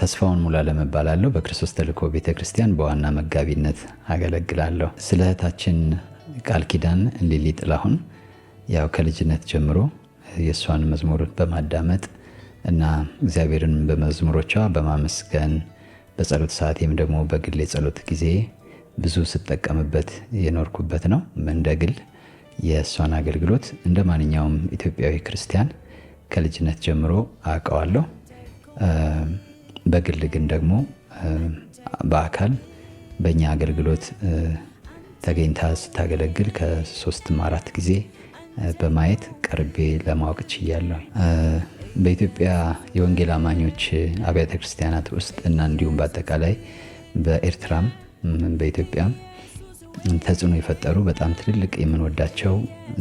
ተስፋውን ሙላ ለመባላለሁ በክርስቶስ ተልኮ ቤተ ክርስቲያን በዋና መጋቢነት አገለግላለሁ። ስለ እህታችን ቃል ኪዳን ሊሊ ጥላሁን ያው ከልጅነት ጀምሮ የእሷን መዝሙር በማዳመጥ እና እግዚአብሔርን በመዝሙሮቿ በማመስገን በጸሎት ሰዓቴም ደግሞ በግል የጸሎት ጊዜ ብዙ ስጠቀምበት የኖርኩበት ነው እንደግል የእሷን አገልግሎት እንደ ማንኛውም ኢትዮጵያዊ ክርስቲያን ከልጅነት ጀምሮ አውቀዋለሁ። በግል ግን ደግሞ በአካል በእኛ አገልግሎት ተገኝታ ስታገለግል ከሶስትም አራት ጊዜ በማየት ቀርቤ ለማወቅ ችያለሁ። በኢትዮጵያ የወንጌል አማኞች አብያተ ክርስቲያናት ውስጥ እና እንዲሁም በአጠቃላይ በኤርትራም በኢትዮጵያም ተጽዕኖ የፈጠሩ በጣም ትልልቅ የምንወዳቸው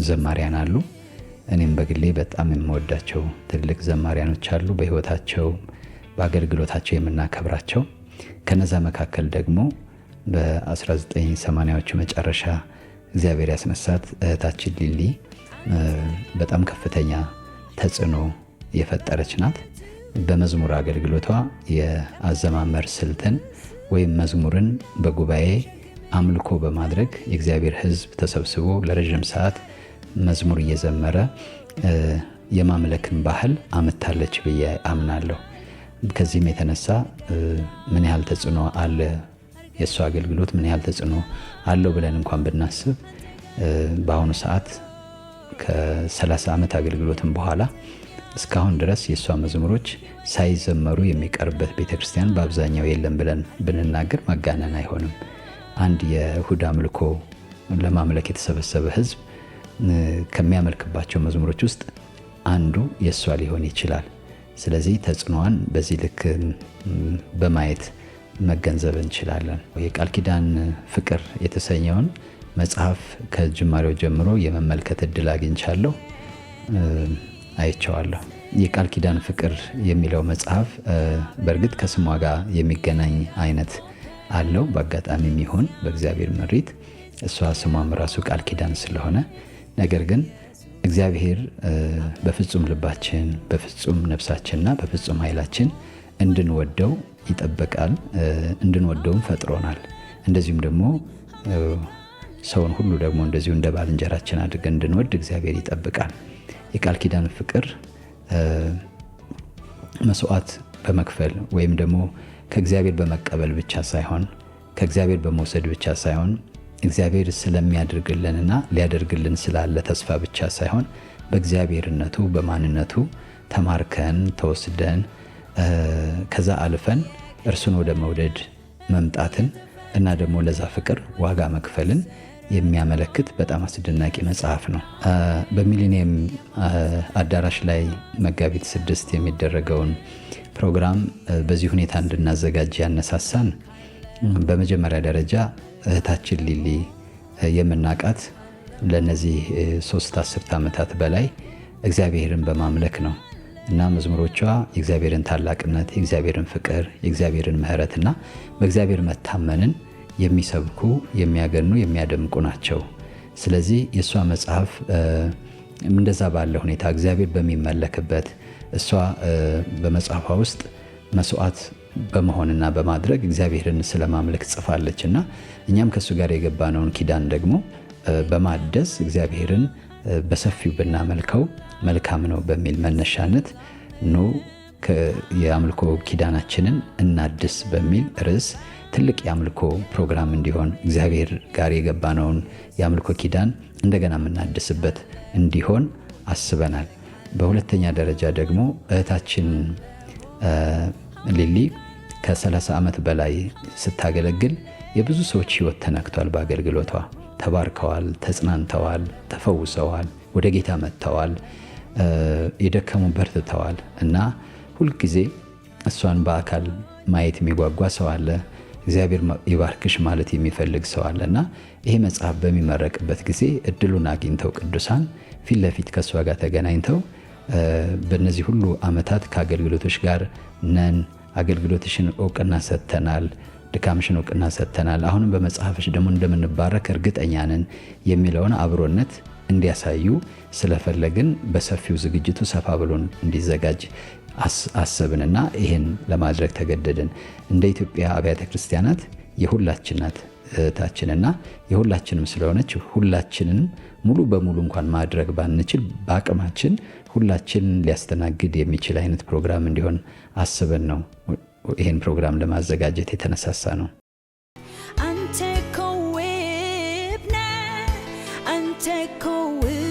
ዘማሪያን አሉ። እኔም በግሌ በጣም የምወዳቸው ትልልቅ ዘማሪያኖች አሉ። በህይወታቸው በአገልግሎታቸው የምናከብራቸው ከነዛ መካከል ደግሞ በ1980ዎቹ መጨረሻ እግዚአብሔር ያስነሳት እህታችን ሊሊ በጣም ከፍተኛ ተጽዕኖ የፈጠረች ናት። በመዝሙር አገልግሎቷ የአዘማመር ስልትን ወይም መዝሙርን በጉባኤ አምልኮ በማድረግ የእግዚአብሔር ህዝብ ተሰብስቦ ለረዥም ሰዓት መዝሙር እየዘመረ የማምለክን ባህል አምታለች ብዬ አምናለሁ። ከዚህም የተነሳ ምን ያህል ተጽዕኖ አለ የእሱ አገልግሎት ምን ያህል ተጽዕኖ አለው ብለን እንኳን ብናስብ በአሁኑ ሰዓት ከ30 ዓመት አገልግሎትም በኋላ እስካሁን ድረስ የእሷ መዝሙሮች ሳይዘመሩ የሚቀርበት ቤተክርስቲያን በአብዛኛው የለም ብለን ብንናገር ማጋነን አይሆንም። አንድ የእሁድ አምልኮ ለማምለክ የተሰበሰበ ህዝብ ከሚያመልክባቸው መዝሙሮች ውስጥ አንዱ የእሷ ሊሆን ይችላል። ስለዚህ ተጽዕኖዋን በዚህ ልክ በማየት መገንዘብ እንችላለን። የቃል ኪዳን ፍቅር የተሰኘውን መጽሐፍ ከጅማሬው ጀምሮ የመመልከት እድል አግኝቻለሁ፣ አይቸዋለሁ። የቃል ኪዳን ፍቅር የሚለው መጽሐፍ በእርግጥ ከስሟ ጋር የሚገናኝ አይነት አለው። በአጋጣሚ የሚሆን በእግዚአብሔር ምሪት እሷ ስሟም ራሱ ቃል ኪዳን ስለሆነ ነገር ግን እግዚአብሔር በፍጹም ልባችን በፍጹም ነፍሳችንና በፍጹም ኃይላችን እንድንወደው ይጠበቃል። እንድንወደውም ፈጥሮናል። እንደዚሁም ደግሞ ሰውን ሁሉ ደግሞ እንደዚሁ እንደ ባልንጀራችን አድርገን እንድንወድ እግዚአብሔር ይጠብቃል። የቃል ኪዳን ፍቅር መስዋዕት በመክፈል ወይም ደግሞ ከእግዚአብሔር በመቀበል ብቻ ሳይሆን ከእግዚአብሔር በመውሰድ ብቻ ሳይሆን እግዚአብሔር ስለሚያደርግልንና ሊያደርግልን ስላለ ተስፋ ብቻ ሳይሆን በእግዚአብሔርነቱ በማንነቱ ተማርከን ተወስደን ከዛ አልፈን እርሱን ወደ መውደድ መምጣትን እና ደግሞ ለዛ ፍቅር ዋጋ መክፈልን የሚያመለክት በጣም አስደናቂ መጽሐፍ ነው። በሚሊኒየም አዳራሽ ላይ መጋቢት ስድስት የሚደረገውን ፕሮግራም በዚህ ሁኔታ እንድናዘጋጅ ያነሳሳን በመጀመሪያ ደረጃ እህታችን ሊሊ የምናቃት ለነዚህ ሶስት አስርት ዓመታት በላይ እግዚአብሔርን በማምለክ ነው እና መዝሙሮቿ የእግዚአብሔርን ታላቅነት፣ የእግዚአብሔርን ፍቅር፣ የእግዚአብሔርን እና በእግዚአብሔር መታመንን የሚሰብኩ የሚያገኑ፣ የሚያደምቁ ናቸው። ስለዚህ የእሷ መጽሐፍ እንደዛ ባለ ሁኔታ እግዚአብሔር በሚመለክበት እሷ በመጽሐፏ ውስጥ መስዋዕት በመሆንና በማድረግ እግዚአብሔርን ስለማምለክ ጽፋለች እና እኛም ከእሱ ጋር የገባነውን ኪዳን ደግሞ በማደስ እግዚአብሔርን በሰፊው ብናመልከው መልካም ነው በሚል መነሻነት ኑ የአምልኮ ኪዳናችንን እናድስ በሚል ርዕስ ትልቅ የአምልኮ ፕሮግራም እንዲሆን እግዚአብሔር ጋር የገባነውን የአምልኮ ኪዳን እንደገና የምናድስበት እንዲሆን አስበናል። በሁለተኛ ደረጃ ደግሞ እህታችን ሊሊ ከ30 ዓመት በላይ ስታገለግል የብዙ ሰዎች ህይወት ተነክቷል። በአገልግሎቷ ተባርከዋል፣ ተጽናንተዋል፣ ተፈውሰዋል፣ ወደ ጌታ መጥተዋል፣ የደከሙ በርትተዋል እና ሁልጊዜ እሷን በአካል ማየት የሚጓጓ ሰው አለ። እግዚአብሔር ይባርክሽ ማለት የሚፈልግ ሰው አለ እና ይሄ መጽሐፍ በሚመረቅበት ጊዜ እድሉን አግኝተው ቅዱሳን ፊት ለፊት ከእሷ ጋር ተገናኝተው በእነዚህ ሁሉ ዓመታት ከአገልግሎቶች ጋር ነን። አገልግሎትሽን እውቅና ሰጥተናል። ድካምሽን እውቅና ሰጥተናል። አሁንም በመጽሐፍሽ ደግሞ እንደምንባረክ እርግጠኛ ነን የሚለውን አብሮነት እንዲያሳዩ ስለፈለግን በሰፊው ዝግጅቱ ሰፋ ብሎን እንዲዘጋጅ አሰብንና ይህን ለማድረግ ተገደድን። እንደ ኢትዮጵያ አብያተ ክርስቲያናት የሁላችን ናት እህታችንና የሁላችንም ስለሆነች ሁላችንንም ሙሉ በሙሉ እንኳን ማድረግ ባንችል በአቅማችን ሁላችን ሊያስተናግድ የሚችል አይነት ፕሮግራም እንዲሆን አስበን ነው ይህን ፕሮግራም ለማዘጋጀት የተነሳሳ ነው። አንተ እኮ ውብ ነህ፣ አንተ እኮ ውብ